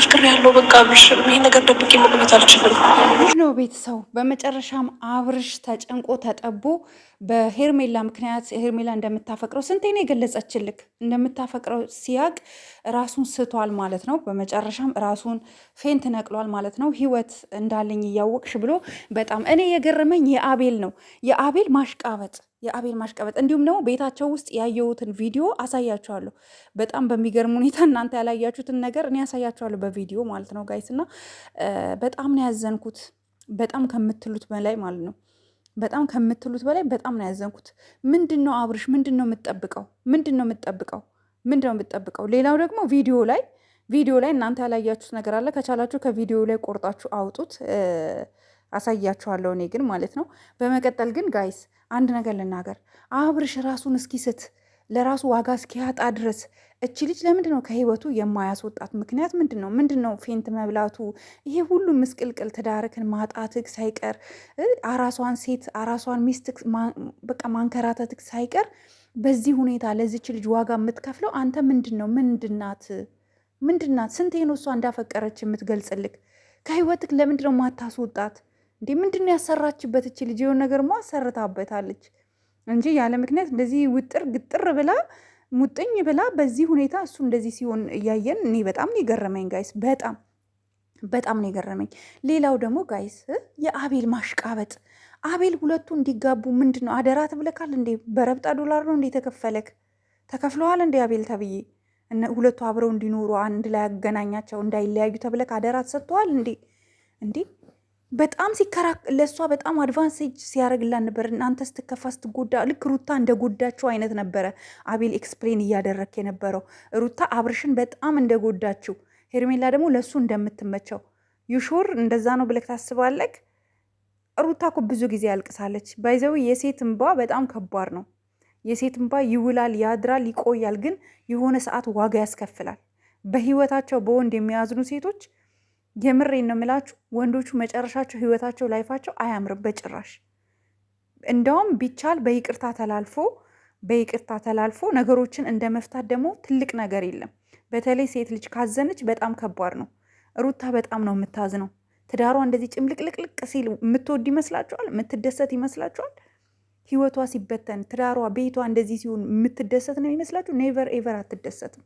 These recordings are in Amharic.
አፍቅር ያለው በቃ አብርሽ፣ ይሄ ነገር ደብቄ መቆየት አልችልም ነው ቤተሰቡ። በመጨረሻም አብርሽ ተጨንቆ ተጠቦ በሄርሜላ ምክንያት ሄርሜላ እንደምታፈቅረው ስንቴ ነው የገለጸችልክ? እንደምታፈቅረው ሲያቅ ራሱን ስቷል ማለት ነው። በመጨረሻም ራሱን ፌንት ነቅሏል ማለት ነው። ህይወት እንዳለኝ እያወቅሽ ብሎ በጣም እኔ የገረመኝ የአቤል ነው። የአቤል ማሽቃበጥ የአቤል ማሽቀበጥ እንዲሁም ደግሞ ቤታቸው ውስጥ ያየሁትን ቪዲዮ አሳያችኋለሁ። በጣም በሚገርም ሁኔታ እናንተ ያላያችሁትን ነገር እኔ ያሳያችኋለሁ በቪዲዮ ማለት ነው ጋይስ። እና በጣም ነው ያዘንኩት፣ በጣም ከምትሉት በላይ ማለት ነው። በጣም ከምትሉት በላይ በጣም ነው ያዘንኩት። ምንድን ነው አብርሽ፣ ምንድን ነው የምትጠብቀው? ምንድን ነው የምትጠብቀው? ምንድን ነው የምትጠብቀው? ሌላው ደግሞ ቪዲዮ ላይ ቪዲዮ ላይ እናንተ ያላያችሁት ነገር አለ። ከቻላችሁ ከቪዲዮ ላይ ቆርጣችሁ አውጡት፣ አሳያችኋለሁ እኔ ግን ማለት ነው። በመቀጠል ግን ጋይስ አንድ ነገር ልናገር፣ አብርሽ ራሱን እስኪስት ለራሱ ዋጋ እስኪያጣ ድረስ እቺ ልጅ ለምንድን ነው ከህይወቱ የማያስወጣት? ምክንያት ምንድን ነው? ምንድን ነው ፌንት መብላቱ? ይሄ ሁሉ ምስቅልቅል ትዳርክን ማጣትክ ሳይቀር አራሷን ሴት አራሷን ሚስት በቃ ማንከራተትክ ሳይቀር በዚህ ሁኔታ ለዚች ልጅ ዋጋ የምትከፍለው አንተ ምንድን ነው? ምንድናት? ምንድናት? ስንቴ ነው እሷ እንዳፈቀረች የምትገልጽልክ? ከህይወትክ ለምንድን ነው ማታስወጣት? እንዲህ ምንድን ነው ያሰራችበት? እች ልጅ የሆነ ነገር ሞ እንጂ ያለ ምክንያት እንደዚህ ውጥር ግጥር ብላ ሙጥኝ ብላ በዚህ ሁኔታ እሱ እንደዚህ ሲሆን እያየን እኔ በጣም ነው የገረመኝ ጋይስ፣ በጣም በጣም ነው የገረመኝ። ሌላው ደግሞ ጋይስ የአቤል ማሽቃበጥ አቤል ሁለቱ እንዲጋቡ ምንድን ነው አደራ ትብለካል እንዴ? በረብጣ ዶላር ነው እንዴ ተከፈለክ? ተከፍለዋል እንዴ አቤል ተብዬ ሁለቱ አብረው እንዲኖሩ አንድ ላይ ያገናኛቸው እንዳይለያዩ ተብለክ አደራ ተሰጥተዋል እንዴ? እንዴ በጣም ሲከራ ለእሷ በጣም አድቫንሴጅ ሲያደርግላት ነበር። እናንተ ስትከፋ ስትጎዳ፣ ልክ ሩታ እንደጎዳችው አይነት ነበረ አቤል ኤክስፕሌን እያደረክ የነበረው ሩታ አብርሽን በጣም እንደጎዳችው፣ ሄርሜላ ደግሞ ለእሱ እንደምትመቸው ዩሹር እንደዛ ነው ብለክ ታስባለክ። ሩታ እኮ ብዙ ጊዜ ያልቅሳለች። ባይዘዊ የሴት እንባ በጣም ከባድ ነው። የሴት እንባ ይውላል፣ ያድራል፣ ይቆያል፣ ግን የሆነ ሰዓት ዋጋ ያስከፍላል። በህይወታቸው በወንድ የሚያዝኑ ሴቶች የምሬን ነው የምላችሁ። ወንዶቹ መጨረሻቸው ህይወታቸው፣ ላይፋቸው አያምርም በጭራሽ። እንደውም ቢቻል በይቅርታ ተላልፎ በይቅርታ ተላልፎ ነገሮችን እንደ መፍታት ደግሞ ትልቅ ነገር የለም። በተለይ ሴት ልጅ ካዘነች በጣም ከባድ ነው። ሩታ በጣም ነው የምታዝነው። ትዳሯ እንደዚህ ጭምልቅልቅልቅ ሲል የምትወድ ይመስላችኋል? የምትደሰት ይመስላችኋል? ህይወቷ ሲበተን ትዳሯ፣ ቤቷ እንደዚህ ሲሆን የምትደሰት ነው ይመስላችሁ? ኔቨር ኤቨር አትደሰትም።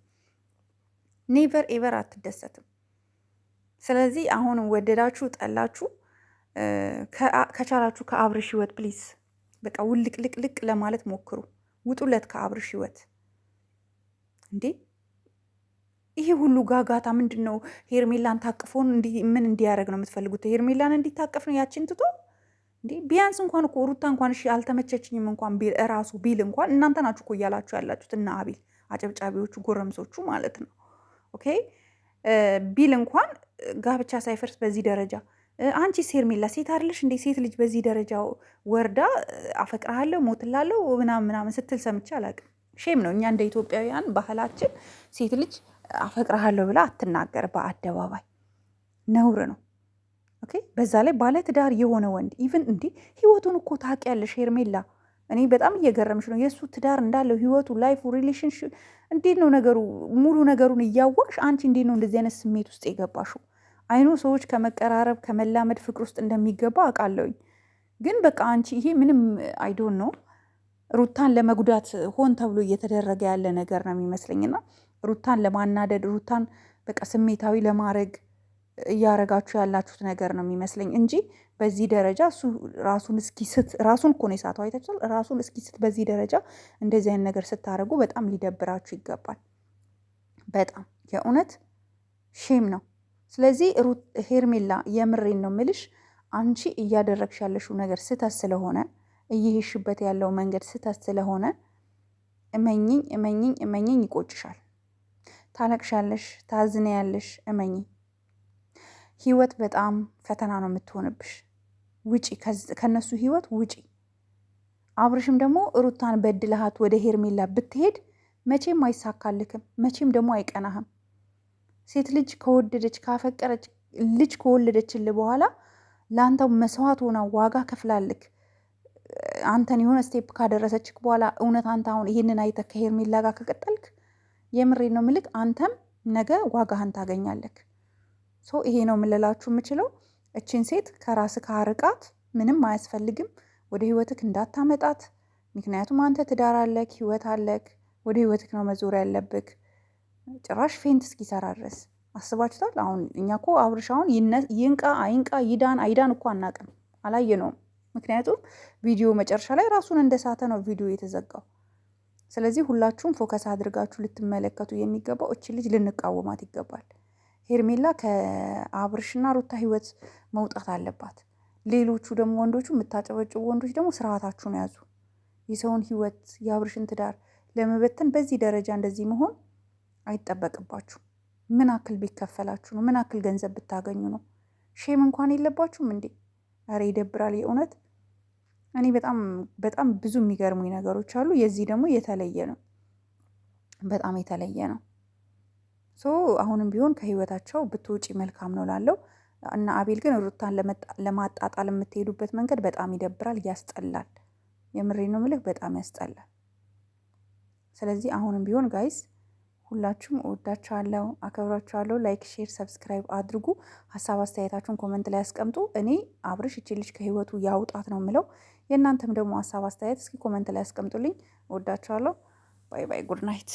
ኔቨር ኤቨር አትደሰትም። ስለዚህ አሁን ወደዳችሁ ጠላችሁ ከቻላችሁ ከአብርሽ ህይወት ፕሊዝ በቃ ውልቅ ለማለት ሞክሩ። ውጡለት ከአብርሽ ህይወት እንዴ! ይሄ ሁሉ ጋጋታ ምንድን ነው? ሄርሜላን ታቅፎን ምን እንዲያደርግ ነው የምትፈልጉት? ሄርሜላን እንዲታቀፍ ነው ያችን ትቶ እንዴ? ቢያንስ እንኳን እኮ ሩታ እንኳን እሺ አልተመቸችኝም እንኳን ቢል ቢል እንኳን እናንተ ናችሁ እኮ እያላችሁ ያላችሁት እና አቢል አጨብጫቢዎቹ ጎረምሶቹ ማለት ነው ኦኬ ቢል እንኳን ጋብቻ ሳይፈርስ በዚህ ደረጃ አንቺ ሄርሜላ ሴት አይደለሽ እንዴ? ሴት ልጅ በዚህ ደረጃ ወርዳ አፈቅርሃለሁ፣ ሞትላለሁ ምናምን ምናምን ስትል ሰምቼ አላውቅም። ሼም ነው። እኛ እንደ ኢትዮጵያውያን ባህላችን ሴት ልጅ አፈቅርሃለሁ ብላ አትናገር በአደባባይ ነውር ነው። ኦኬ። በዛ ላይ ባለትዳር የሆነ ወንድ ኢቭን እንዲህ ህይወቱን እኮ ታውቂያለሽ ሄርሜላ እኔ በጣም እየገረምሽ ነው። የእሱ ትዳር እንዳለው ህይወቱ፣ ላይፉ፣ ሪሌሽንሽ እንዴት ነው ነገሩ? ሙሉ ነገሩን እያወቅሽ አንቺ እንዴት ነው እንደዚህ አይነት ስሜት ውስጥ የገባሽው? አይኑ ሰዎች ከመቀራረብ ከመላመድ ፍቅር ውስጥ እንደሚገባ አውቃለሁኝ። ግን በቃ አንቺ ይሄ ምንም አይዶን ነው ሩታን ለመጉዳት ሆን ተብሎ እየተደረገ ያለ ነገር ነው የሚመስለኝና ሩታን ለማናደድ ሩታን በቃ ስሜታዊ ለማድረግ እያረጋችሁ ያላችሁት ነገር ነው የሚመስለኝ እንጂ በዚህ ደረጃ እሱ ራሱን እስኪስት ራሱን እኮ ነው የሳተው አይታችኋል። ራሱን እስኪስት በዚህ ደረጃ እንደዚህ አይነት ነገር ስታደርጉ በጣም ሊደብራችሁ ይገባል። በጣም የእውነት ሼም ነው። ስለዚህ ሄርሜላ የምሬን ነው ምልሽ፣ አንቺ እያደረግሽ ያለሽው ነገር ስህተት ስለሆነ እየሄሽበት ያለው መንገድ ስህተት ስለሆነ እመኝኝ እመኝኝ እመኝኝ ይቆጭሻል፣ ታለቅሻለሽ፣ ያለሽ እመኝኝ ህይወት በጣም ፈተና ነው የምትሆንብሽ። ውጪ ከነሱ ህይወት ውጪ። አብርሽም ደግሞ ሩታን በድልሃት ወደ ሄርሜላ ብትሄድ መቼም አይሳካልክም፣ መቼም ደግሞ አይቀናህም። ሴት ልጅ ከወደደች ካፈቀረች ልጅ ከወለደችል በኋላ ለአንተ መስዋዕት ሆና ዋጋ ከፍላልክ አንተን የሆነ ስቴፕ ካደረሰች በኋላ እውነት አንተ አሁን ይህንን አይተህ ከሄርሜላ ጋር ከቀጠልክ የምሬ ነው ምልክ አንተም ነገ ዋጋህን ታገኛለክ። ሶ ይሄ ነው የምልላችሁ የምችለው። እችን ሴት ከራስ ካርቃት፣ ምንም አያስፈልግም። ወደ ህይወትክ እንዳታመጣት። ምክንያቱም አንተ ትዳር አለክ፣ ህይወት አለክ። ወደ ህይወትክ ነው መዞር ያለብክ። ጭራሽ ፌንት እስኪሰራ ድረስ አስባችሁታል። አሁን እኛ እኮ አብርሽ ይንቃ አይንቃ ይዳን አይዳን እኮ አናቅም፣ አላየነውም። ምክንያቱም ቪዲዮ መጨረሻ ላይ ራሱን እንደሳተ ነው ቪዲዮ የተዘጋው። ስለዚህ ሁላችሁም ፎከስ አድርጋችሁ ልትመለከቱ የሚገባው እች ልጅ ልንቃወማት ይገባል። ሄርሜላ ከአብርሽና ሩታ ህይወት መውጣት አለባት። ሌሎቹ ደግሞ ወንዶቹ የምታጨበጭቡ ወንዶች ደግሞ ስርዓታችሁን ያዙ። የሰውን ህይወት የአብርሽን ትዳር ለመበተን በዚህ ደረጃ እንደዚህ መሆን አይጠበቅባችሁ። ምን አክል ቢከፈላችሁ ነው? ምን አክል ገንዘብ ብታገኙ ነው? ሼም እንኳን የለባችሁም እንዴ? ኧረ ይደብራል የእውነት። እኔ በጣም በጣም ብዙ የሚገርሙኝ ነገሮች አሉ። የዚህ ደግሞ የተለየ ነው፣ በጣም የተለየ ነው። ሶ አሁንም ቢሆን ከህይወታቸው ብትውጪ መልካም ነው ላለው እና አቤል ግን ሩታን ለማጣጣል የምትሄዱበት መንገድ በጣም ይደብራል፣ ያስጠላል። የምሬ ነው ምልህ በጣም ያስጠላል። ስለዚህ አሁንም ቢሆን ጋይስ ሁላችሁም እወዳችኋለሁ፣ አከብራችኋለሁ። ላይክ፣ ሼር፣ ሰብስክራይብ አድርጉ። ሀሳብ አስተያየታችሁን ኮመንት ላይ አስቀምጡ እኔ አብርሽ እቺ ልጅ ከህይወቱ ያውጣት ነው የምለው። የእናንተም ደግሞ ሀሳብ አስተያየት እስኪ ኮመንት ላይ አስቀምጡልኝ እወዳችኋለሁ። ባይ ባይ። ጉድ ናይት